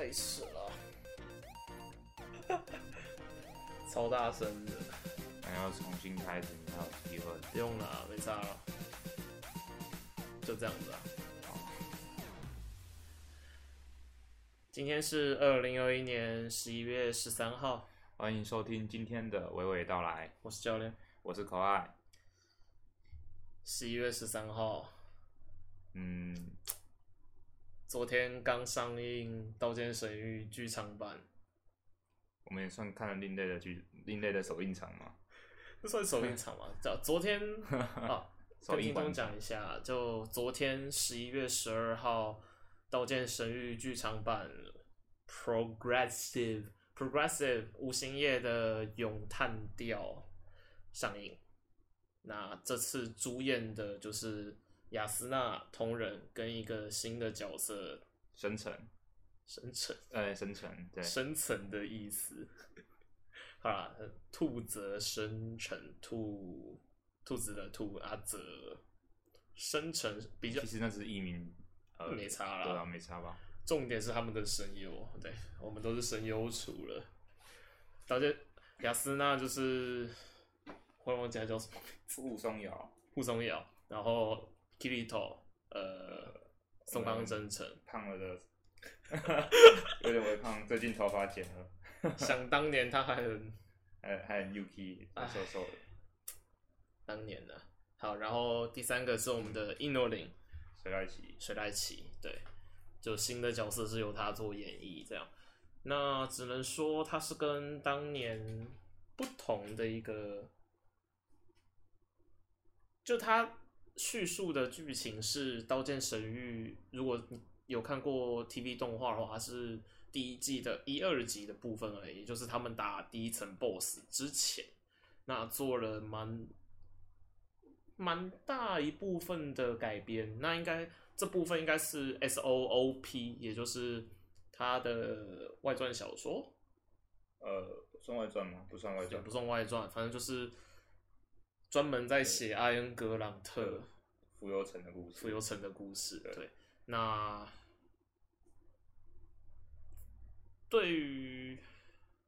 累死了， 超大聲的！想要重新開始，你還有機會。不用了、啊，沒差了，就這樣子、啊。今天是二零二一年十一月十三號，歡迎收聽今天的娓娓道來。我是教練，我是 Kawhi。十一月十三號，嗯。昨天剛上映《刀劍神域》劇場版，我們也算看了另類的劇，另類的首映場嘛，這算首映場嘛？昨 昨天 啊，跟聽眾講一下，就昨天十一月十二號，《刀劍神域》劇場版《Progressive Progressive》無星夜的詠嘆調上映，那這次主演的就是。亞絲娜同人跟一個新的角色生成，生成，哎、欸，生成，對，生成的意思。 好啦，兔則生成兔，兔子的兔，阿、啊、澤生成比較，其實那只是藝名，沒差啦，對啊，沒差吧？重點是他們的聲優，對我們都是聲優廚了。到這亞絲娜就是，我忘記他叫什麼，戶松遙，戶松遙，然後。Kirito，呃，嗯、松岡禎丞、嗯、胖了的，有點微胖，最近頭髮剪了，想當年他還很還還很牛皮唉，瘦瘦的。當年的。好，然後第三個是我們的伊諾林，水瀨奇，水瀨奇，對，就新的角色是由他做演繹，這樣。那只能說他是跟當年不同的一個，就他。敘述的劇情是《刀劍神域》，如果有看過 TV 動畫的話，它是第一季的一二集的部分而已，就是他們打第一層 BOSS 之前，那做了蠻蠻大一部分的改編。那應該這部分應該是 SOOP，也就是他的外傳小說。呃，不算外傳嗎？不算外傳，不算外傳，反正就是。專門在寫艾恩格朗特浮游城的故事。浮游城的故事，對。對那對於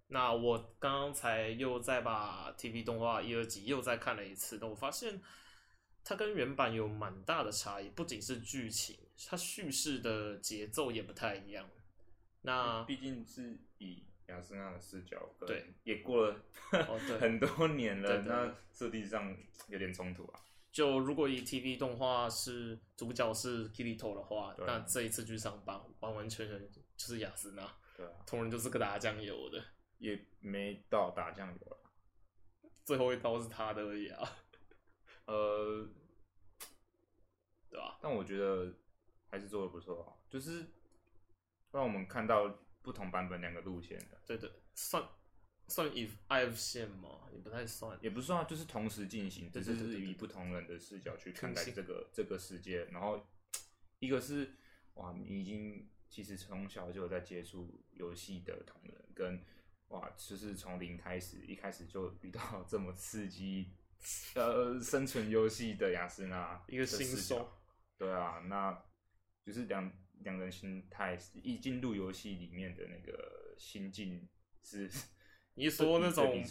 那我剛才又再把 TV 動畫一、二集又再看了一次，那我發現它跟原版有蠻大的差異，不僅是劇情，它敘事的節奏也不太一樣。那畢竟是以。雅斯娜的視角，對，也過了很多年了，對對對，那設定上有點衝突啊。就如果以 TV 動畫是主角是 Kirito 的話，啊、那這一次去上班完完全全就是雅斯娜，對啊、同人就是個打醬油的，也沒到打醬油了。最後一刀是他的而已啊，呃，對吧、啊？但我覺得還是做的不錯，啊，就是讓我們看到。不同版本兩個路線的，對的，算算 if if 線嗎？也不太算，也不算，就是同時進行，只是以不同人的視角去看待這個這個世界。然後，一個是哇，你已經其實從小就有在接觸遊戲的同人，跟哇，就是從零開始，一開始就遇到這麼刺激呃生存遊戲的亞絲娜，一個新手，對啊，那就是兩。兩人個人心態，一進入遊戲裡面的那個心境是， 你說那種，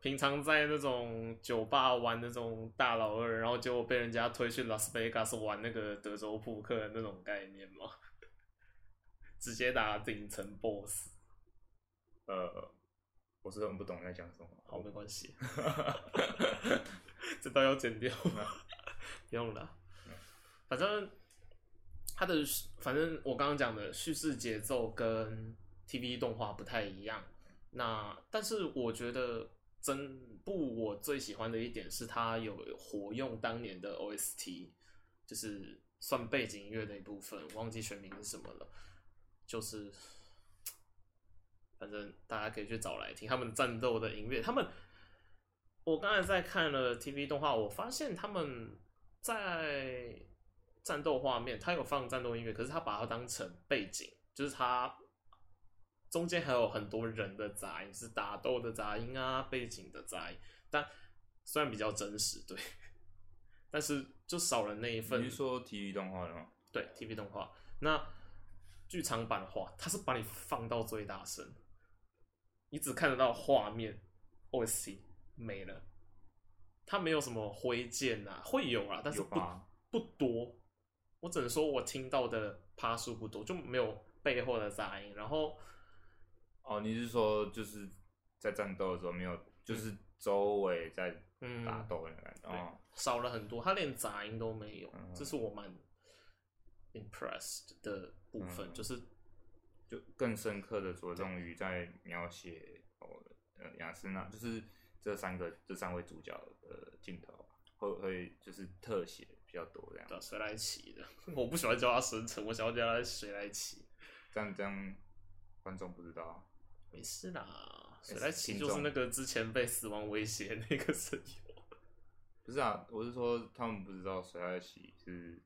平常在那種酒吧玩那種大老二，然後就被人家推去拉斯維加斯玩那個德州撲克的那種概念嗎？直接打頂層 boss。呃，我是很不懂在講什麼。好，我沒關係，這刀要剪掉嗎？ 不用了啦，嗯、反正。他的反正我剛剛講的敘事節奏跟 TV 動畫不太一樣，那但是我覺得真不，我最喜歡的一點是他有活用當年的 OST，就是算背景音樂的一部分，忘記全名是什麼了，就是反正大家可以去找來聽他們戰鬥的音樂，他們我剛才在看了 TV 動畫，我發現他們在。戰鬥畫面，他有放戰鬥音樂，可是他把它當成背景，就是他中間還有很多人的雜音，是打鬥的雜音啊，背景的雜音，但雖然比較真實，對，但是就少了那一份。你是說 TV 動畫的嗎？對，TV 動畫，那劇場版的話，他是把你放到最大聲，你只看得到畫面，我操沒了，他沒有什麼揮劍啊，會有啊，但是不吧不多。我只能說，我聽到的啪數不多，就沒有背後的雜音。然後，哦，你是說就是在戰鬥的時候沒有，就是周圍在打鬥的感覺，嗯，少了很多，他連雜音都沒有，嗯、這是我蠻 impressed 的部分，嗯、就是就更深刻的着重於在描寫哦，呃對，亞絲娜，就是這三個這三位主角的鏡頭，會會就是特寫。比較多這樣。叫水瀨祈的？ 我不喜歡叫他神城，我想要叫他水瀨祈，這樣這樣，觀眾不知道、啊。沒事的啊，水、欸、瀨祈就是那個之前被死亡威脅那個聲優。不是啊，我是說他們不知道水瀨祈是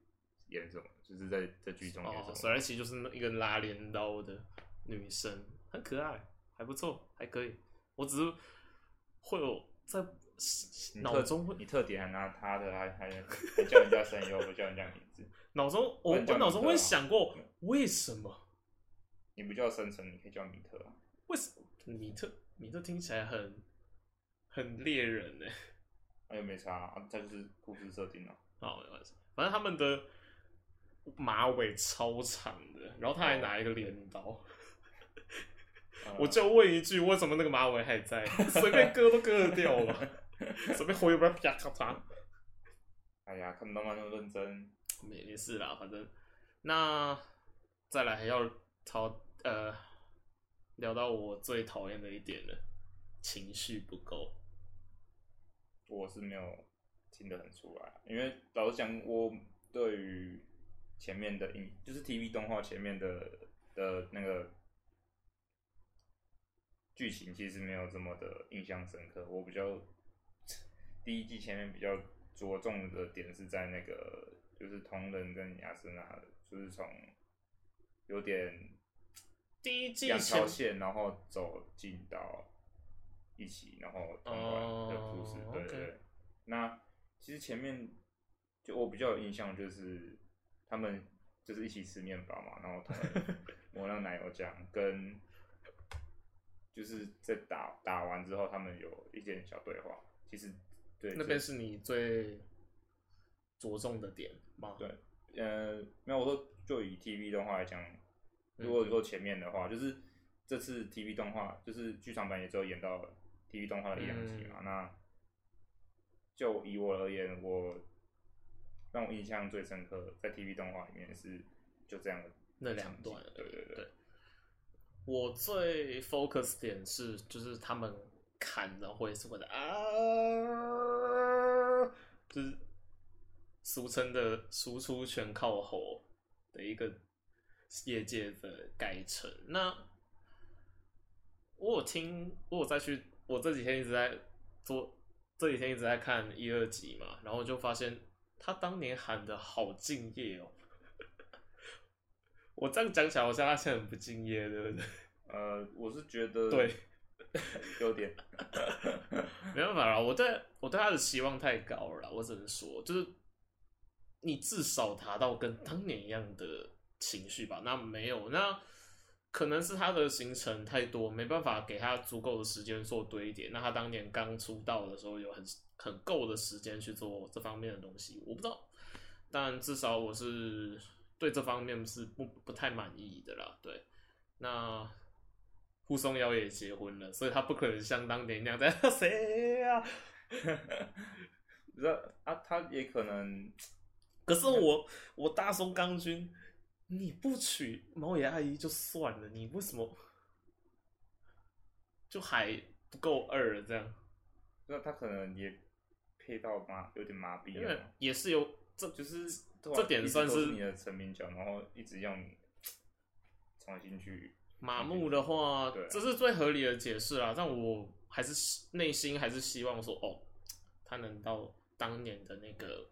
演什麼，就是在在劇中演什麼。水、哦、瀨祈就是那個一個拉鐮刀的女生，很可愛，還不錯，還可以。我只是會有在。腦中會，你特點還拿他的，還還叫人家聲優，不叫人家名字。腦中，我我腦中會想過，為什麼？你不叫深沉，你可以叫米特啊。為什麼米特，米特聽起來很很獵人哎，那也沒差，他就是故事設定了。哦，反正他們的馬尾超長的，然後他還拿一個鐮刀。我就問一句，為什麼那個馬尾還在，隨便割都割得掉了。隨便喝又不較咔嚓。 哎呀，看不到嗎？那麼認真，沒事啦，反正那再來還要討呃，聊到我最討厭的一點了，情緒不夠，我是沒有聽得很出來，因為老實講，我對於前面的影就是 TV 動畫前面的的那個劇情，其實沒有這麼的印象深刻，我比較。第一季前面比較着重的點是在那個，就是桐人跟亞絲娜，就是從有點第一季兩條線，然後走進到一起，然後通關的故事，oh, okay. 對，對對。那其實前面就我比較有印象，就是他們就是一起吃麵包嘛，然後抹那 奶油醬，跟就是在打打完之後，他們有一點小對話，其實。對，那邊是你最着重的點嗎？對，呃，沒有，我說就以 TV 動畫來講，如果說前面的話，嗯、就是這次 TV 動畫就是劇場版也只有演到 TV 動畫的一兩集嘛。嗯、那就以我而言，我讓我印象最深刻在 TV 動畫裡面是就這樣的，那兩段，對對對。對我最 focus 點是就是他們。喊的或者什麼的啊，就是俗稱的“輸出全靠吼”的一個業界的改成，那我有聽，我有再去，我這幾天一直在做，這幾天一直在看一二集嘛，然後就發現他當年喊的好敬業哦。 我這樣講起來，好像他現在很不敬業，對不對？呃，我是覺得對。 有點， 沒辦法了。我對我對他的期望太高了，我只能說，就是你至少達到跟當年一樣的情緒吧。那沒有，那可能是他的行程太多，沒辦法給他足夠的時間做堆疊。那他當年剛出道的時候，有很很夠的時間去做這方面的東西，我不知道。但至少我是對這方面是不不太滿意的啦。對，那。戶松遙也結婚了，所以他不可能像當年那樣在誰啊？你 說啊，他也可能。可是我我大松岡君，你不娶毛野阿姨就算了，你為什麼就還不夠二了？這樣？那他可能也配到麻有點麻痹、啊。因為也是有，這就是對這點算是，是你的成名獎，然後一直要你重新去。麻木的話，嗯、這是最合理的解釋啦。但我還是內心還是希望說，哦，他能到當年的那個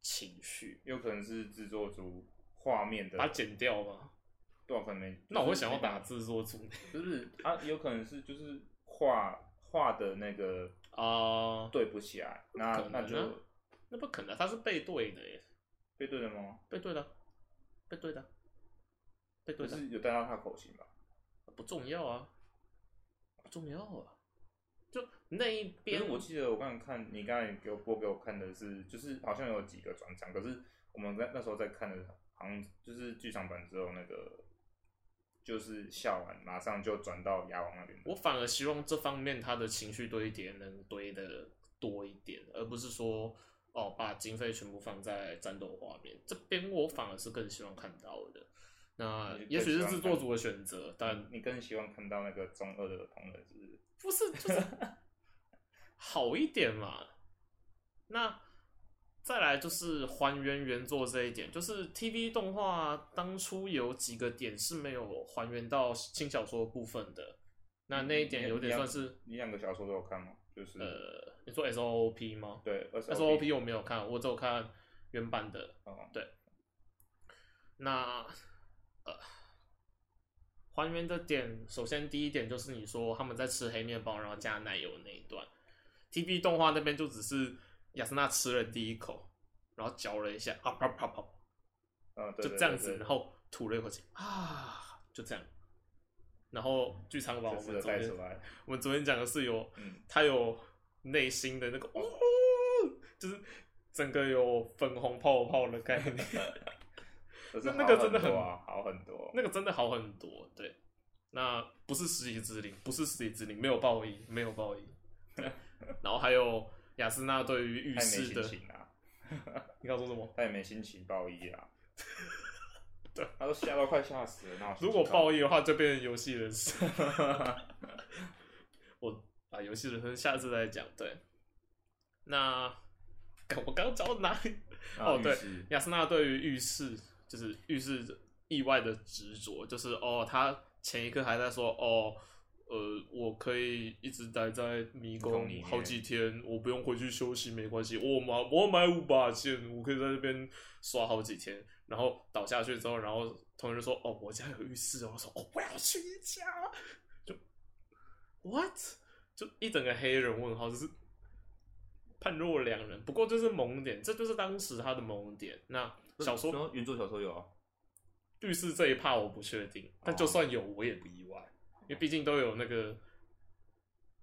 情緒，有可能是製作組畫面的。把他剪掉吧，多少、啊、可能沒？那我會想要把製作組，就是他你、就是啊、有可能是就是畫畫的那個啊，對不起來，呃、那那就那不可能，他是背對的耶，背對的嗎？背對的，背對的，背對的，是有帶到他的口型吧？不重要啊，不重要啊，就那一邊。我記得我剛剛看你剛才給我播給我看的是，就是好像有幾個轉場，可是我們在那時候在看的，好像就是劇場版之後那個，就是下完馬上就轉到亞王那邊。我反而希望這方面他的情緒堆疊能堆的多一點，而不是說哦把經費全部放在戰鬥畫面這邊，我反而是更希望看到的。那也許是製作組的選擇，但你更希望看，但看到那個中二的同人，是不是？ 不是，就是好一點嘛。那再來就是還原原作這一點，就是 TV 動畫當初有幾個點是沒有還原到輕小說部分的。那那一點有點算是你兩個小說都有看嗎？就是呃，你說 SAOP 嗎？對，SAOP 我沒有看，我只有看原版的。嗯、哼對。那。呃，還原的點，首先第一點就是你說他們在吃黑面包，然後加奶油那一段，TV 動畫那邊就只是亞絲娜吃了第一口，然後嚼了一下，啊啪啪啪，啊對對對，就這樣子，然後吐了一口血啊，就這樣，然後劇場把我們的出來，我們昨天講的是有他有內心的那個哦，就是整個有粉紅泡泡的概念。 啊、那，那個真的很好很多，那個真的好很多，對。那不是失憶之靈，不是失憶之靈，沒有報應沒有報應 然後還有亞絲娜對於浴室的情啊、 你剛說什麼？他也沒心情報應啊。 對，他都嚇到快嚇死了。如果報應的話，就變成遊戲人生。 我把遊戲人生下次再講。對。那我剛找哪裡？啊、哦，對，亞絲娜對於浴室。就是浴室意外的執着，就是哦，他前一刻還在說哦，呃，我可以一直待在迷宮裡好幾天，我不用回去休息，沒關係。我買我買五把劍，我可以在這邊刷好幾天。然後倒下去之後，然後同學說哦，我家有浴室，我說哦，我要去你家。就 what？就一整個黑人問號，就是判若兩人。不過這是萌點，這就是當時他的萌點。那。小說原著小說有啊，律師這一趴我不確定，哦、但就算有我也,也不意外，因為畢竟都有那個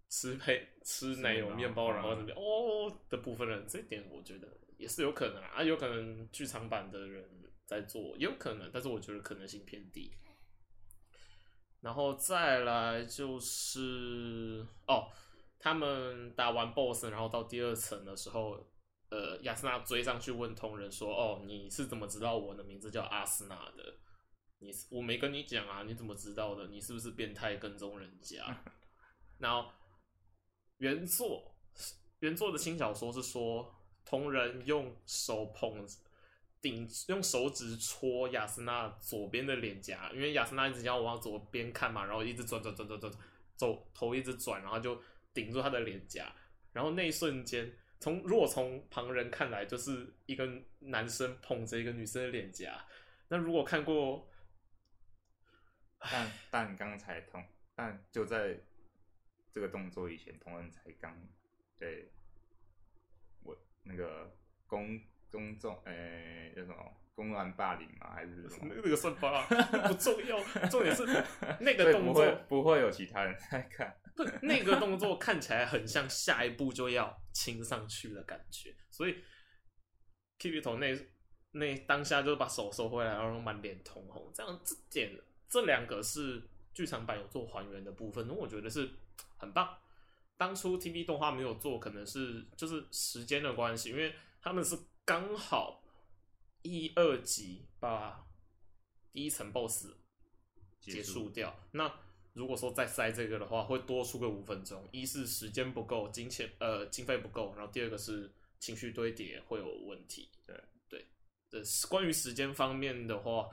吃配吃奶油麵包然後、啊、什麼樣的哦的部分人，這點我覺得也是有可能啊，啊有可能劇場版的人在做，有可能，但是我覺得可能性偏低。然後再來就是哦，他們打完 BOSS，然後到第二層的時候。呃，亞絲娜追上去問桐人說：“哦，你是怎麼知道我的名字叫亞絲娜的？你，我沒跟你講啊？你怎麼知道的？你是不是變態跟蹤人家？” 然後原作原作的輕小說是說，桐人用手捧頂，用手指戳亞絲娜左邊的臉頰，因為亞絲娜一直要往左邊看嘛，然後一直轉轉轉轉轉，走頭一直轉，然後就頂住他的臉頰，然後那一瞬間。從如果從旁人看來，就是一個男生捧着一個女生的臉頰，那如果看過，但但剛才同但就在這個動作以前，同樣才剛對我那個公公眾誒有什麼？公安霸凌嗎？還是 那個什麼、啊？不重要，重點是那個動作 不，會不會有其他人在看 對。那個動作看起來很像下一步就要親上去的感覺，所以 T B 頭那那個，當下就是把手收回來，然後滿臉通紅。這樣這點這兩個是劇場版有做還原的部分，我覺得是很棒。當初 TV 動畫沒有做，可能是就是時間的關係，因為他們是剛好。一二集把第一層 BOSS 結束掉。束那如果說再塞這個的話，會多出個五分鐘。一是時間不夠，金錢呃經費不夠，然後第二個是情緒堆疊會有問題。對、嗯、對，是、呃、關於時間方面的話，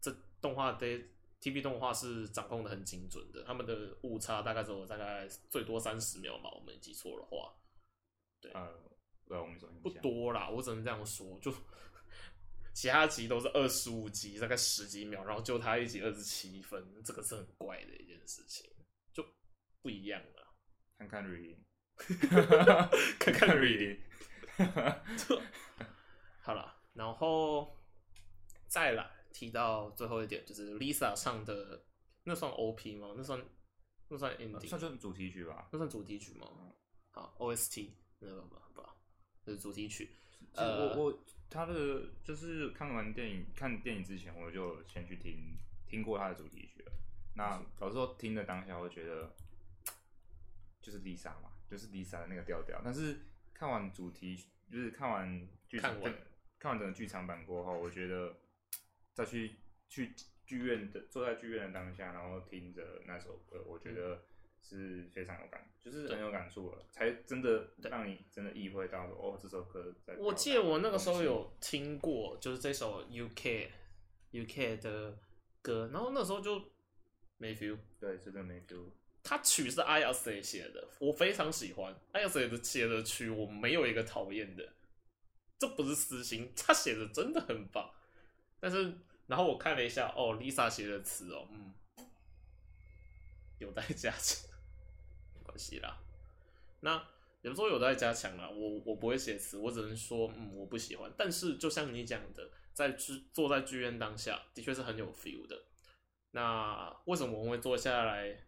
這動畫的 TV 動畫是掌控的很精準的，他們的誤差大概只有大概最多三十秒吧，我沒記錯的話。對，不、啊啊、不多啦，我只能這樣說就。其他集都是二十五集，大概十幾秒，然後就他一集二十七分，這個是很怪的一件事情，就不一樣了。看看瑞， 看看瑞， 好了，然後再來提到最後一點，就是 Lisa 唱的那算 O P 嗎？那算那算 ending、呃、算主題曲吧？那算主題曲嗎？嗯、好，O S T，那不不，這、就是主題曲。呃、我我他的就是看完電影看電影之前我就先去聽聽過他的主題曲了。那老實說聽的當下，我覺得就是 Lisa 嘛，就是 Lisa 的那個調調。但是看完主題曲就是看完劇場，看完看完整個劇場版過後，我覺得再去去劇院的坐在劇院的當下，然後聽着那首歌，我覺得。是非常有感，就是很有感觸了，對才真的讓你真的意會到說對哦，這首歌在。我記得我那個時候有聽過，就是這首 UK UK 的歌，然後那時候就。沒 feel 對，就是沒 feel。他曲是 Ayase 寫的，我非常喜歡 Ayase 寫的曲，我沒有一個討厭的，這不是私心，他寫的真的很棒。但是然後我看了一下，哦，Lisa 寫的詞哦，嗯，有待加強。是啦，那說有時候有在加強了。我我不會寫詞，我只能說，嗯，我不喜歡。但是就像你講的，在劇坐在劇院當下的確是很有 feel 的。那為什麼我們會坐下來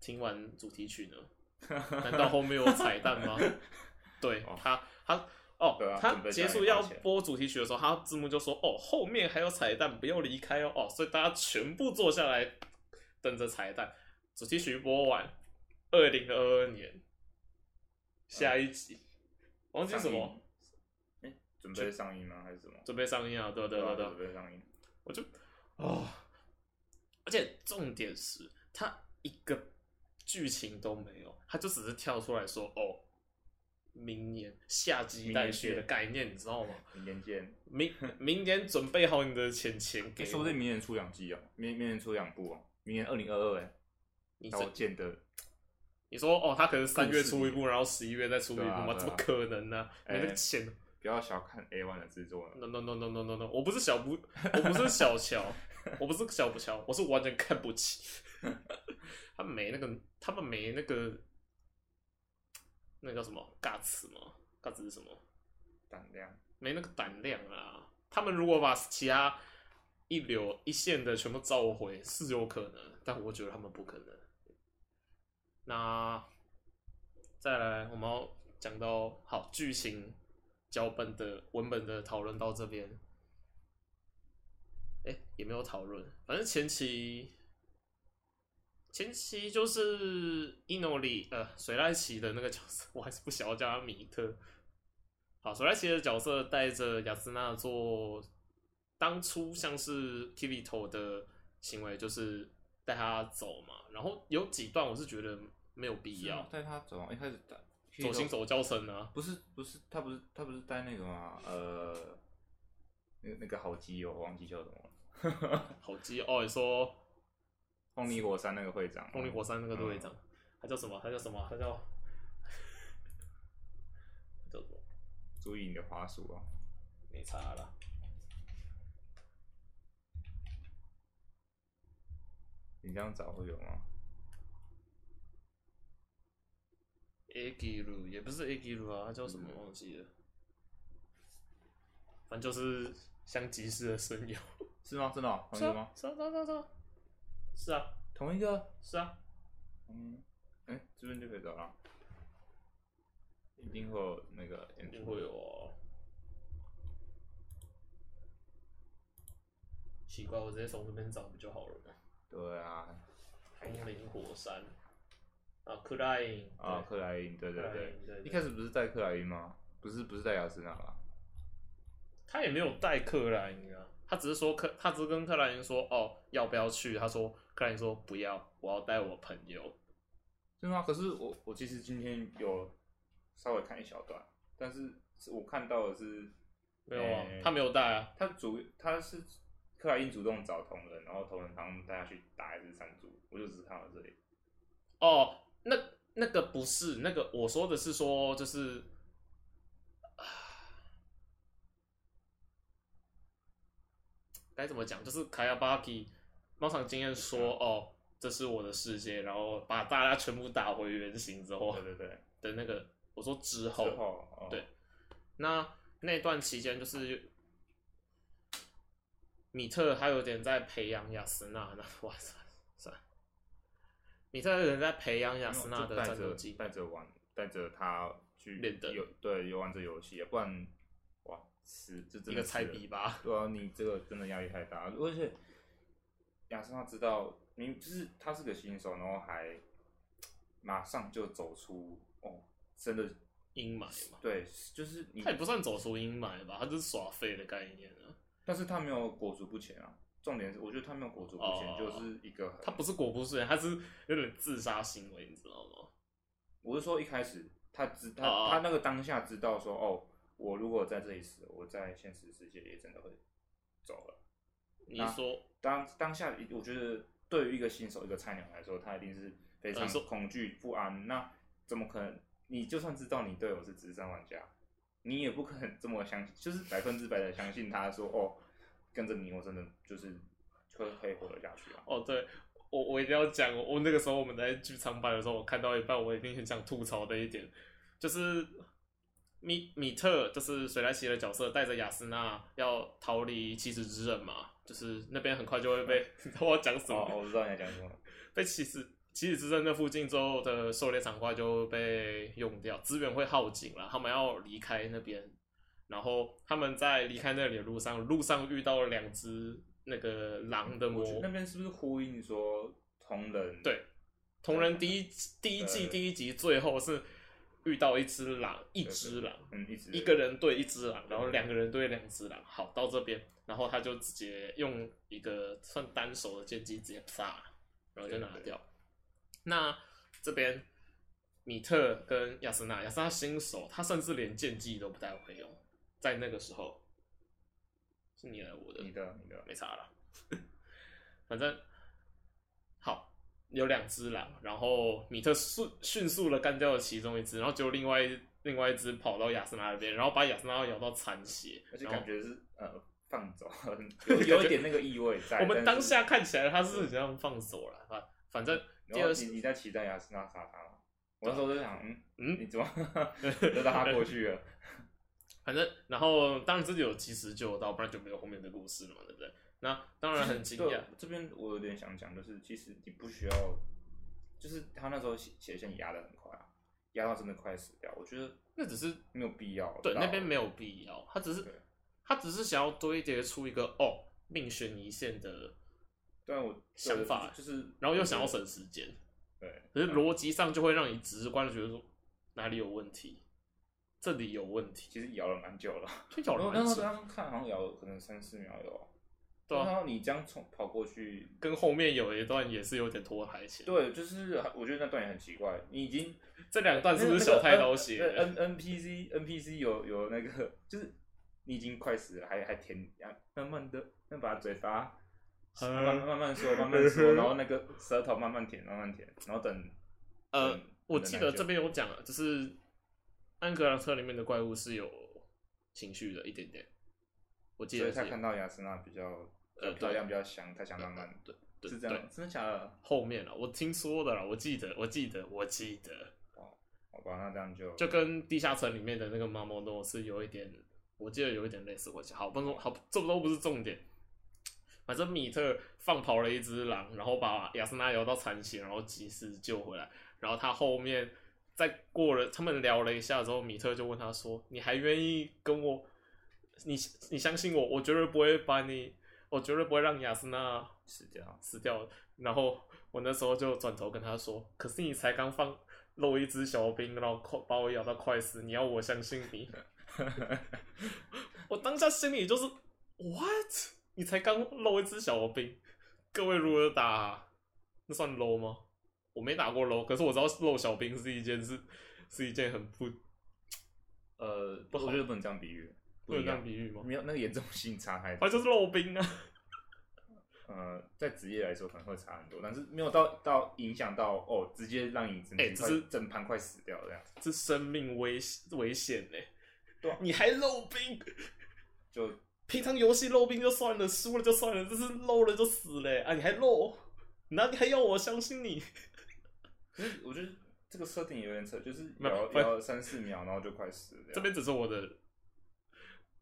聽完主題曲呢？難道後面有彩蛋嗎？ 對他他哦，他結束要播主題曲的時候，他字幕就說：“哦，後面還有彩蛋，不要離開哦。”哦，所以大家全部坐下來等着彩蛋。主題曲播完，二零二二年，下一集，呃、我忘記什麼？哎、欸，準備上映嗎？還是什麼？準備上映啊！對對對對，對啊、準備上映。我就哦，而且重點是，它一個劇情都沒有，它就只是跳出來說：“哦，明年下季待續”的概念，你知道嗎？明年見， 明明年準備好你的錢錢給。一、欸、說不定明年出兩季哦、啊，明明年出兩部哦、啊，明年二零二二哎，到見的。你說哦，他可能三月出一部，然後十一月再出一部嗎？啊啊、怎麼可能呢、啊？欸、沒那個錢。不要小看 A one 的製作了。No no no no no no no！我不是小不，我不是小瞧， 我不是小不瞧，我是完全看不起。 他們沒那個，他們沒那個，那叫、個、什麼？guts 嗎？guts 是什麼？膽量亮？沒那個膽量啊！他們如果把其他一流一線的全部召回，是有可能，但我覺得他們不可能。那再來，我們要講到好劇情腳本的文本的討論到這邊，哎、欸，也沒有討論，反正前期前期就是伊諾里呃水瀨奇的那個角色，我還是不想要叫他米特。好，水賴奇的角色帶着雅斯娜做當初像是 Kirito 的行為，就是。帶他走嘛，然後有幾段我是覺得沒有必要。帶他走啊，欸、一開始帶，走心走叫聲呢？不是不是，他不是他不是帶那個嘛，呃，那那個好基友，忘記叫什麼了。 好基友、哦、你說，鳳梨火山那個會長，鳳梨火山那個都會長，嗯、他叫什麼？他叫什麼、啊？他叫， 他叫注意你的話術啊，沒差啦。你這樣找會有嗎？A 基魯也不是 A 基魯啊，他叫什麼忘記了？嗯、反正就是香吉士的聲優，是嗎？真的、啊？同一個嗎？是啊，是啊是啊，同一個，是啊。嗯，哎、欸，這邊就可以找了。零和那個演出會有啊？奇怪，我直接從這邊找不就好了？對啊，東、哎、林火山啊，克萊因對啊，克萊因，對對對，對對，一開始不是帶克萊因嗎？不是不是帶亞斯娜嗎？他也沒有帶克萊因啊，他只是說只是克，他只是跟克萊因說哦，要不要去？他說克萊因說不要，我要帶我朋友。對嗎啊，可是我我其實今天有稍微看一小段，但是我看到的是、嗯、沒有啊，他沒有帶啊，他主他是。克萊因主動找桐人，然後桐人幫大家去打一隻山豬，我就只看到這裡。哦，那那個不是那個，我說的是說就是，該怎麼講？就是卡亞巴克茅場晶彥說，嗯、哦，這是我的世界，然後把大家全部打回原形之後，對對對的那個，我說之後，之後哦、對，那那段期間就是。米特他有點在培養雅斯娜，那哇塞，算了。米特的人在培養雅斯娜的戰鬥帶着玩，帶着他去練 inden，對，遊玩這遊戲，不然哇，死，這真的個菜筆吧？對啊，你這個真的壓力太大了，而且雅斯娜知道，你就是他是個新手，然後還馬上就走出哦，真的陰霾嘛？對，就是他也不算走出陰霾吧？他就是耍廢的概念了啊。但是他沒有裹足不前啊，重點是我覺得他沒有裹足不前，oh, 就是一個他不是裹足不前，他是有點自殺行為，你知道嗎？我是說一開始他知他他那個當下知道說、oh. 哦，我如果在這裡死，我在現實世界也真的會走了。你說當當下我覺得對於一個新手一個菜鳥來說，他一定是非常恐懼不安。說那怎麼可能？你就算知道你隊友是資深玩家。你也不可能這麼相信，就是百分之百的相信他說，哦，跟着你我真的就是，可可以活得下去啊？哦，對，我我一定要講，我那個時候我們在劇場版的時候，我看到一半，我一定很想吐槽的一點，就是米米特就是水來溪的角色帶着雅斯娜要逃離騎士之刃嘛，就是那邊很快就會被、嗯、你知道我要講什麼？哦，我知道你要講什麼， 被騎士。其實是在那附近之後的狩獵場怪就被用掉，資源會耗盡了，他們要離開那邊。然後他們在離開那裡的路上，路上遇到了兩隻那個狼的魔，嗯。我覺得那邊是不是呼應你說同人？對，同人第一、嗯嗯、第一季、嗯、第一集，第一集最後是遇到一隻狼，一隻狼，就是，嗯，一隻一個人對一隻狼，然後兩個人對兩隻狼。嗯，好，到這邊，然後他就直接用一個算單手的劍技直接殺，然後就拿掉。對對對那這邊米特跟亞斯娜，亞斯娜新手，他甚至連劍技都不太會、OK、用、哦，在那個時候是你來我的，你的你的，你的沒差了。 反正好，有兩只狼，然後米特迅迅速的幹掉了其中一只，然後就另外另外一只跑到亞斯娜那邊，然後把亞斯娜咬到殘血，而且感覺是後呃放走，有一點那個意味在。 我們當下看起來他是想要放走了，啊、嗯，反正。然後你你在騎在亞絲娜殺他嗎？我那時候就想，嗯嗯，你怎麼哈哈， 就讓他過去了？反正然後當然這裡有及時救到，不然就沒有後面的故事了嘛，對不對？那當然很驚訝。這邊我有點想講，就是其實你不需要，就是他那時候血血線壓得很快啊，壓到真的快死掉。我覺得那只是沒有必要，必要對，了那邊沒有必要，他只是對他只是想要堆疊出一個哦，命懸一線的。但我想法就是，然後又想要省時間，對，可是邏輯上就會讓你直觀的覺得說、嗯、哪裡有問題，這裡有問題。其實咬了蠻久了，就咬了蠻久了。那、哦、剛剛看好像咬了可能三四秒有，然後、啊、你將從跑過去，跟後面有一段也是有點拖台前。對，就是我覺得那段也很奇怪，你已經 這兩段是不是小太刀血了、那個嗯、？N N P C N P C 有有那個，就是你已經快死了，還還填啊，慢慢的那把嘴巴。慢慢、嗯、慢慢說，慢慢說，然後那個舌頭慢慢舔，慢慢舔，然後等。呃，等我記得這邊有講了，只、就是安格列車裡面的怪物是有情緒的，一點點。我記得。所以他看到亞絲娜比較，呃，比較呃，對，比較香，他想慢慢、呃、對，是這樣。真對的假的？後面了，我聽說的了，我記得，我記得，我記得。哦，好吧，那這樣就就跟地下城裡面的那個貓貓諾是有一點，我記得有一點類似。我講好，不重，好，這都不是重點。反正米特放跑了一隻狼，然後把雅斯娜咬到殘血，然後及時救回來。然後他後面再過了，他們聊了一下之後，米特就問他說：“你還願意跟我？你你相信我？我絕對不會把你，我絕對不會讓雅斯娜死掉，死掉。”然後我那時候就轉頭跟他說：“可是你才剛放漏一隻小兵，然後快把我咬到快死，你要我相信你？ 我當下心裡就是 what？” 你才剛漏一隻小兵，各位如何打？那算 low 嗎？我沒打過 low，可是我知道是漏小兵是一件事，是一件很不……呃，不好，我覺得不能這樣比喻，不，不能這樣比喻嗎？沒有，那個嚴重性差還差……哎，就是漏兵啊！呃，在職業來說可能會差很多，但是沒有到到影響到哦，直接讓你哎、欸，這是整盤快死掉了這樣，這是生命危危險嘞、欸！對、啊，你還漏兵就。平常遊戲漏兵就算了，輸了就算了，這是漏了就死了、欸、啊！你還漏，那你還要我相信你？我覺得這個設定有點扯，就是咬咬三四秒，然後就快死了。這邊只是我的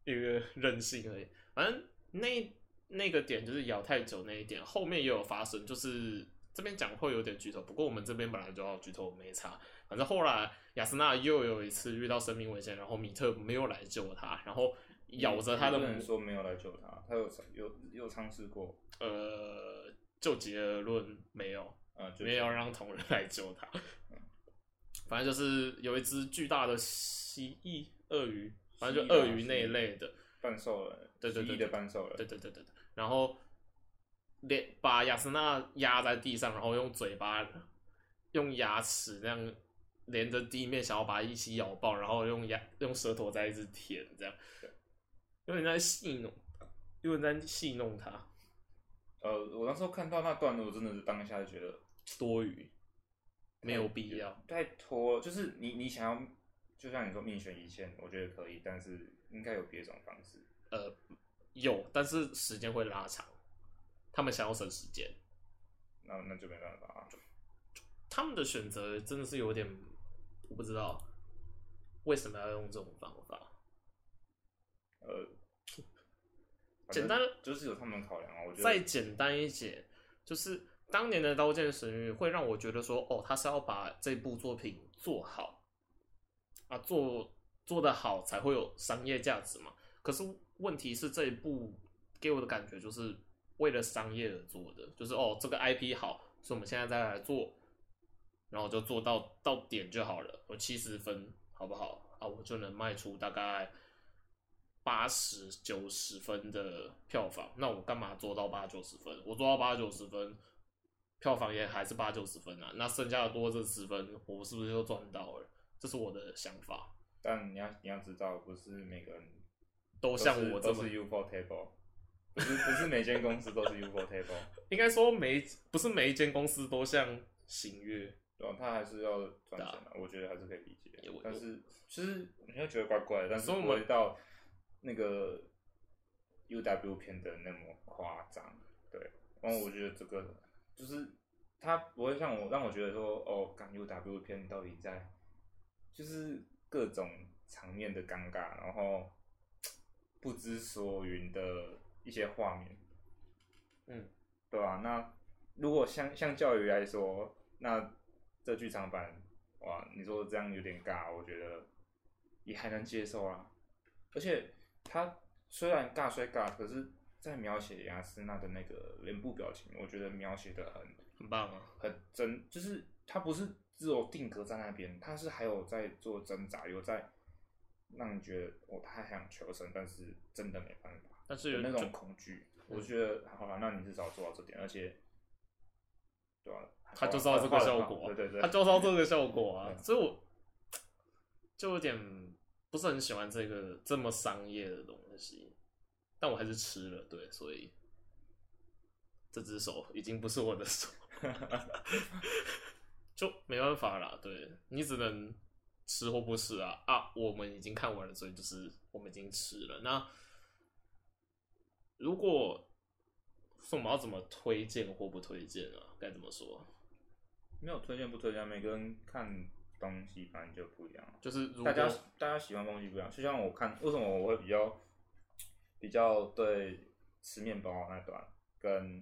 一個、嗯、任性而已，反正那那個點就是咬太久那一點，後面也有發生，就是這邊講會有點劇透，不過我們這邊本來就要劇透，沒差。反正後來亞斯娜又有一次遇到生命危險，然後米特沒有來救他，然後。咬着他的，不是說沒有來救他，他有嘗，有有嘗試過。呃，就結論沒有，嗯、沒有讓同人來救他。嗯、反正就是有一隻巨大的蜥蜴、鱷魚，反正就鱷魚那一類的半獸人，對對對半獸人，對對對對，對，對，對，對，對。然後連把亞絲娜壓在地上，然後用嘴巴、用牙齒那樣連着地面，想要把它一起咬爆，然後用牙、用舌頭在一直舔，這樣。有點在戲弄，有人在戲弄他。呃，我那時候看到那段路，真的是當下就覺得多餘，沒有必要。太拖，嗯，就是你，你想要，就像你說命懸一線，我覺得可以，但是應該有別種方式。呃，有，但是時間會拉長。他們想要省時間，那那就沒辦法，啊。他們的選擇真的是有點，我不知道為什麼要用這種方法。呃。簡單就是有他們考量啊，我覺得再簡單一些，就是當年的《刀劍神域》會讓我覺得說，哦，他是要把這部作品做好，啊，做做得好才會有商業價值嘛。可是問題是，這一部給我的感覺就是為了商業而做的，就是哦，這個 IP 好，所以我們現在再來做，然後就做到到點就好了，有70分，好不好啊？我就能賣出大概八九十分的票房，那我幹嘛做到八九十分？我做到八九十分，票房也還是八九十分啊。那剩下的多的這十分，我是不是就賺到了？這是我的想法。但你要你要知道，不是每個人都，都像我這麼。都是 ufotable 不是不是每間公司都是 ufotable。 應該說每，每不是每一間公司都像星月、嗯，對吧、啊？他還是要賺錢的、啊，啊、我覺得還是可以理解。但是其實你會覺得怪怪的，但是回到。那個 U W 片的那麼誇張，對，然後我覺得這個就是他不會像我讓我覺得說哦，剛 U W 片到底在就是各種場面的尷尬，然後不知所云的一些畫面，嗯，對吧、啊？那如果相相較於來說，那這劇場版，哇，你說這樣有點尬，我覺得也還能接受啊，而且。他雖然尬摔尬，可是在描寫亞絲娜的那個臉部表情，我覺得描寫的很很棒啊，嗯，很真。就是他不是只有定格在那邊，他是還有在做掙扎，有在讓你覺得哦，他還想求生，但是真的沒辦法。但是有，有那種恐懼，就我覺得、嗯、好吧。那你至少做到這點，而且對啊，他就知道這個效果，對對對，他就知道這個效果啊。所以我就有點。不是很喜歡這個這麼商業的東西，但我還是吃了，對，所以這隻手已經不是我的手， 就沒辦法了，對，你只能吃或不吃啊啊！我們已經看完了，所以就是我們已經吃了。那如果我們要怎麼推薦或不推薦啊？該怎麼說？沒有推薦不推薦，每個人看。東西反正就不一樣，就是如果大家大家喜歡東西不一樣。就像我看，為什麼我會比較比較對吃麵包那段跟，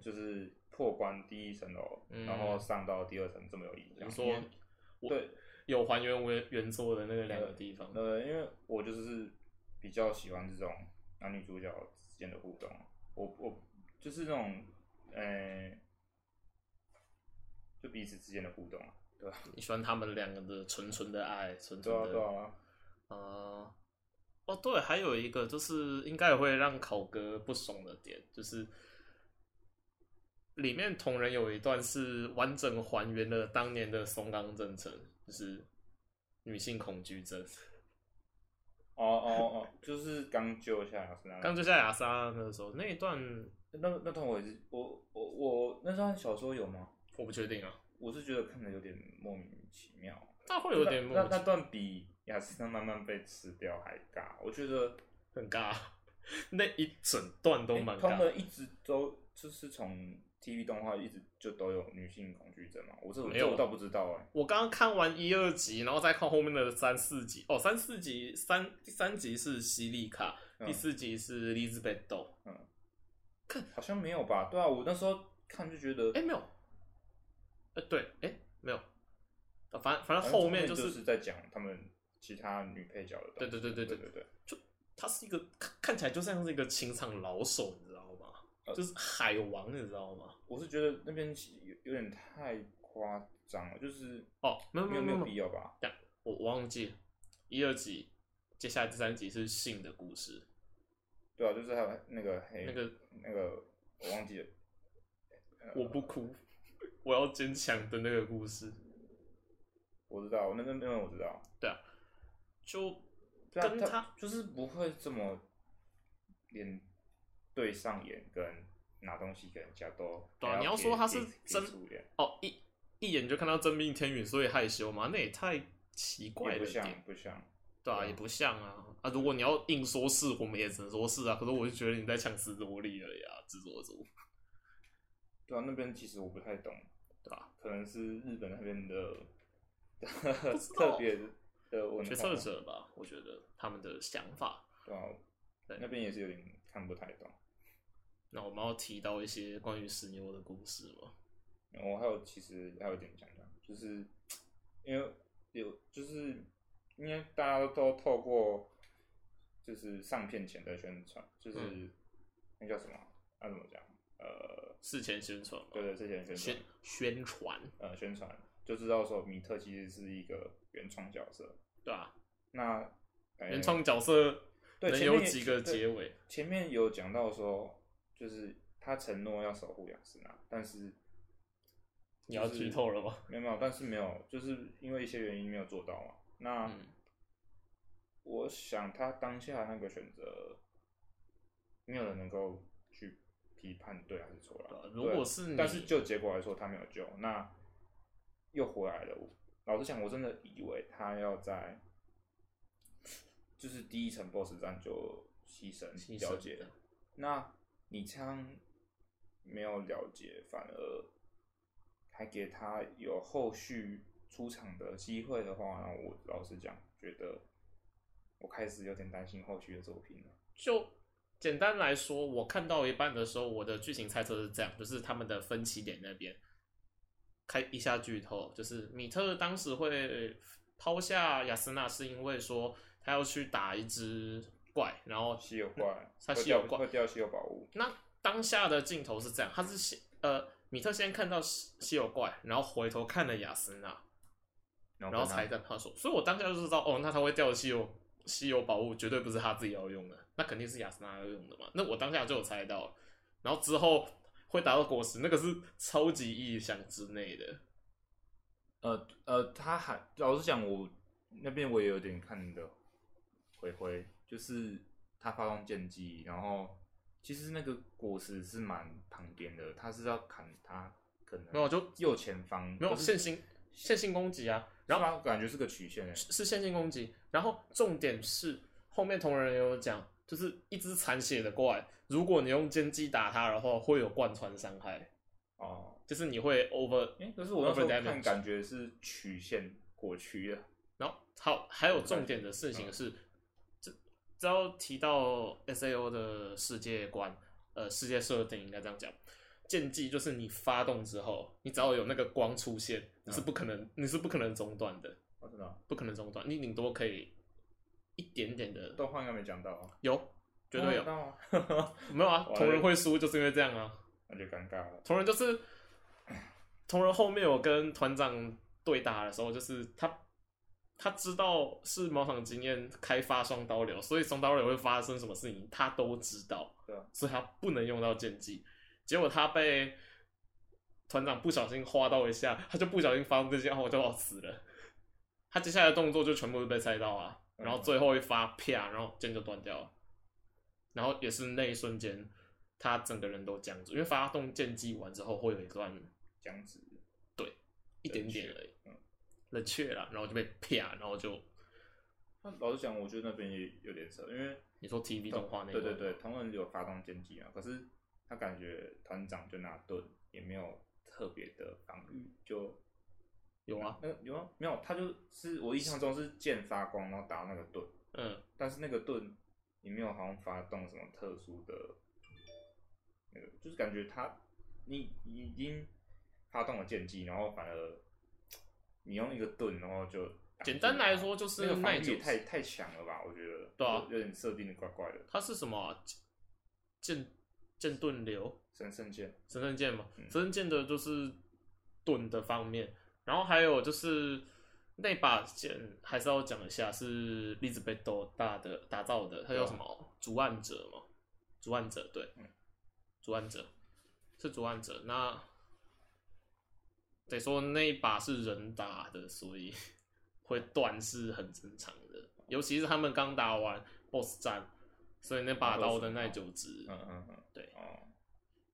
就是破關第一層樓，嗯、然後上到第二層這麼有印象？你說對，有還原為原作的那個兩個地方、嗯。對，因為我就是比較喜歡這種男、啊、女主角之間的互動，我我就是那種，呃、欸，就彼此之間的互動啊。對，你喜歡他們兩個的純純的愛，純純的。對啊，對，啊對啊、呃、哦，對，還有一個就是應該也會讓考哥不爽的點，就是裡面桐人有一段是完整還原了當年的松岡禎丞，就是女性恐懼症。哦哦哦，就是剛救下亞莎， 剛救下亞莎的時候那一段，那那段我我我我，那段小說有嗎？我不確定啊。我是覺得看的有點莫名其妙，那但會有點莫名其妙。那，那段比亞絲娜慢慢被吃掉還尬，我覺得很尬， 那一整段都蠻尬。欸、他們一直都就是從 TV 動畫一直就都有女性恐懼症嘛？我這、欸、沒有，我倒不知道哎。我剛剛看完一二集，然後再看後面的三四集。哦，三四集三第三集是西莉卡，嗯、第四集是莉茲貝特。嗯，看好像沒有吧？對啊，我那時候看就覺得哎、欸，沒有。哎、欸，對，哎、欸，沒有，反正反正後面就是，就是在講他們其他女配角的。對對對對，對對對對，就他是一個看，看起來就像是一個情場老手，你知道嗎？呃、就是海王，你知道嗎？我是覺得那邊有有點太誇張了，就是哦，沒有沒有沒有，沒有，沒有必要吧？我我忘記了一二集，接下來第三集是新的故事。對啊，就是還有那個那個那個我忘記了。 呃、我不哭。我要堅強的那個故事，我知道那個那個，我知道。我知道對啊，就跟他，他就是不會這麼連對上眼，跟拿東西給人家都。對啊，你要說他是真哦，一一眼就看到真命天女，所以害羞嘛？那也太奇怪了，一點不像，不像，對啊，也不像啊啊！如果你要硬說是，我們也只能說是啊。可是我就覺得你在強詞奪理了呀，製作組。對啊，那邊其實我不太懂。吧？可能是日本那邊的的特別的決策者吧，我覺得他們的想法。對啊，對那邊也是有點看不太懂。那我們要提到一些關於石牛的故事嗎？嗯。我還有，其實還有一點講，就是因為有，就是因為大家都透過就是上片前的宣傳，就是、嗯、那叫什麼？那、啊、怎麼講？呃，事前宣傳，對對，事前宣傳，宣傳，呃，宣傳就知道說米特其實是一個原創角色，對啊，那、欸、原創角色能有幾個結尾？前面，前面有講到說，就是他承諾要守護亞絲娜，但是、就是、你要劇透了嗎？沒有，沒有，但是沒有，就是因為一些原因沒有做到嘛。那、嗯、我想他當下那個選擇，沒有人能夠。判對還是錯了？如果是，但是就結果來說，他沒有救，那又回來了。我老實講，我真的以為他要在，就是第一層 BOSS 戰就犧牲了解。犧牲的。那你這樣沒有了解，反而還給他有後續出場的機會的話，那我老實講，覺得我開始有點擔心後續的作品了。就。簡單來說，我看到一半的時候，我的劇情猜測是這樣，就是他們的分歧點那邊，開一下劇透，就是米特當時會拋下雅斯娜，是因為說他要去打一隻怪，然後稀有怪，他稀有怪會掉稀有寶物。那當下的鏡頭是這樣，他是先呃米特先看到稀稀有怪，然後回頭看了雅斯娜，然後才跟他，他說，所以我當下就知道，哦，那他會掉稀有。稀有寶物絕對不是他自己要用的，那肯定是亞斯娜要用的嘛。那我當下就有猜到，然後之後會打到果實，那個是超級意想之內的。呃呃，他還老實講，我那邊我也有點看的，灰灰就是他發動劍技，然後其實那個果實是蠻旁邊的，他是要砍他可能沒有就右前方，沒有線性線性攻擊啊。然後感覺是個曲線，是是線性攻擊。然後重點是後面同人也有講，就是一隻殘血的怪，如果你用劍擊打它的話，會有貫穿傷害。哦、嗯，就是你會 over、欸。哎，但是我當時看感覺是曲線過去。然後好，還有重點的事情是，這、嗯、只要提到 S A O 的世界觀，呃，世界設定應該這樣講。劍技就是你發動之後，你只要有那個光出現，你、嗯、是不可能，你是不可能中斷的，我知道不可能中斷。你頂多可以一點點的。動畫應該沒講到啊？有，絕對有、哦哦哦、 沒有啊？桐人會輸就是因為這樣啊。那就尷尬了。桐人就是桐人後面我跟團長對打的時候，就是他他知道是茅場經驗開發雙刀流，所以雙刀流會發生什麼事情他都知道，對所以他不能用到劍技。結果他被團長不小心劃到一下，他就不小心發動攻擊，然後我就要死了。他接下來的動作就全部都被猜到啊，然後最後一發啪，嗯、哼然後劍就斷掉了。然後也是那一瞬間，他整個人都僵住，因為發動劍擊完之後會有一段僵直止，對，卻一點點而已，冷卻了，然後就被啪，然後就。那老實講，我覺得那邊也有點扯，因為你說 TV 動畫那個，對對對，同樣有發動劍擊啊，可是。他感覺團長就拿盾，也沒有特別的防禦，就有啊？那、嗯、有啊，沒有，他就是我印象中是劍發光，然後打到那個盾，嗯，但是那個盾也沒有好像發動什麼特殊的、那個，就是感覺他你已經發動了劍技，然後反而你用一個盾，然後就簡單來說就是那個防禦太耐太強了吧？我覺得對啊，有點設定的怪怪的。他是什麼劍、啊？劍盾流，神聖劍，神聖劍嘛，神聖劍的就是盾的方面，嗯、然後還有就是那把劍還是要講一下，是麗茲貝兒打的打造的，它叫什麼？逐暗、哦、者嘛，逐暗者，對，逐暗、嗯、者，是逐暗者。那得說那一把是人打的，所以會斷是很正常的，尤其是他們剛打完、嗯、BOSS 戰。所以那把刀的耐久值，嗯嗯嗯，對，哦，哦對哦，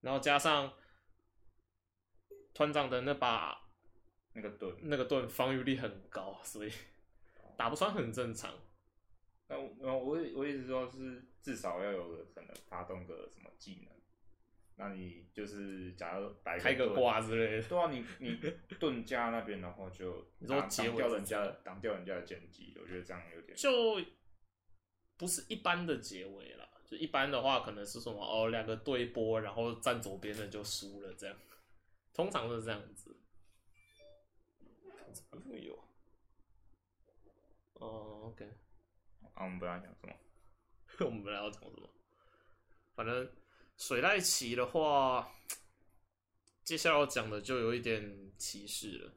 然後加上團長的那把那個盾，那個盾防禦力很高，所以打不穿很正常。那我我我意思說是至少要有個可能發動個什麼技能，那你就是假如個開個掛之類的，對啊，你你盾架那邊的話就你擋掉人家擋掉人家的劍技，我覺得這樣有點就。不是一般的結尾了，就一般的話，可能是什麼哦，兩個對波，然後站左邊的就輸了，這樣，通常是這樣子。怎麼會有、啊？哦，OK，啊。我們不要講什麼， 我們不要講什麼。反正水瀨奇的話，接下來我講的就有一點歧視了。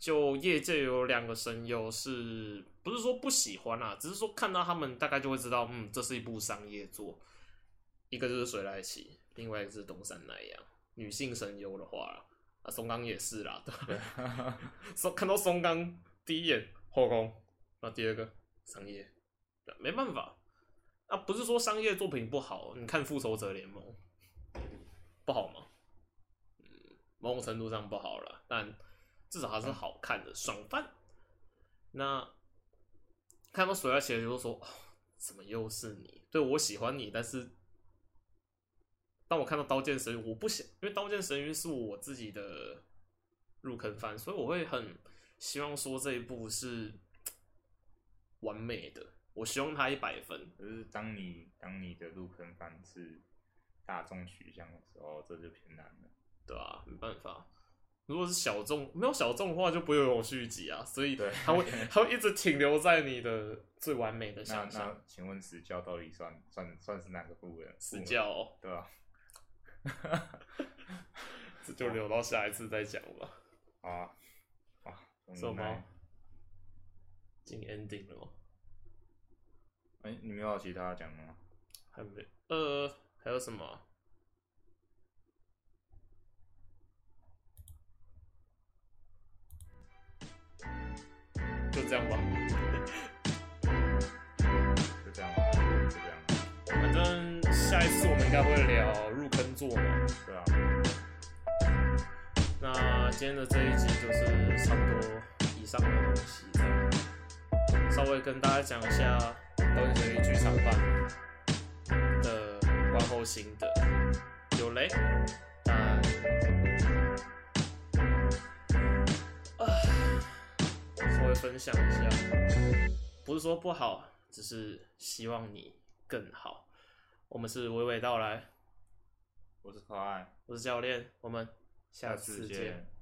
就業界有兩個聲優，是不是說不喜歡啊？只是說看到他們大概就會知道，嗯，這是一部商業作。一個就是水瀨祈，另外一個是東山奈央。女性聲優的話，啊，松岡也是啦。松 看到松岡第一眼後宮空，那第二個商業，沒辦法。啊，不是說商業作品不好，你看《復仇者聯盟》不好嗎？嗯，某種程度上不好啦，但。至少它是好看的、嗯、爽番。那看到誰在寫，就說、呃：“怎麼又是你？”對，我喜歡你，但是當我看到《刀劍神域》，我不想，因為《刀劍神域》是我自己的入坑番，所以我會很希望說這一部是完美的，我希望他一百分。可是，當你當你的入坑番是大眾取向的時候，這就偏難了。對啊，沒辦法。如果是小眾，沒有小眾的話，就不會有續集啊，所以它會它對會一直停留在你的最完美的想象。那，那請問死教到底算算算，算是哪個部位？死教，哦、對吧、啊？ 這就留到下一次再講吧。啊啊，啊嗯、什麼？白那。已經 ending 了。哎，你們有其他要講的嗎？還沒，呃，還有什麼？就這樣吧， 就這樣吧，就這樣。反正下一次我們應該會聊入坑做嘛，對吧、啊？那今天的這一集就是差不多以上的東西，這樣稍微跟大家講一下《刀劍神域》劇場版的觀後心得，有雷，但。分享一下，不是說不好，只是希望你更好。我們是娓娓道來，我是可愛，我是教練，我們下次見。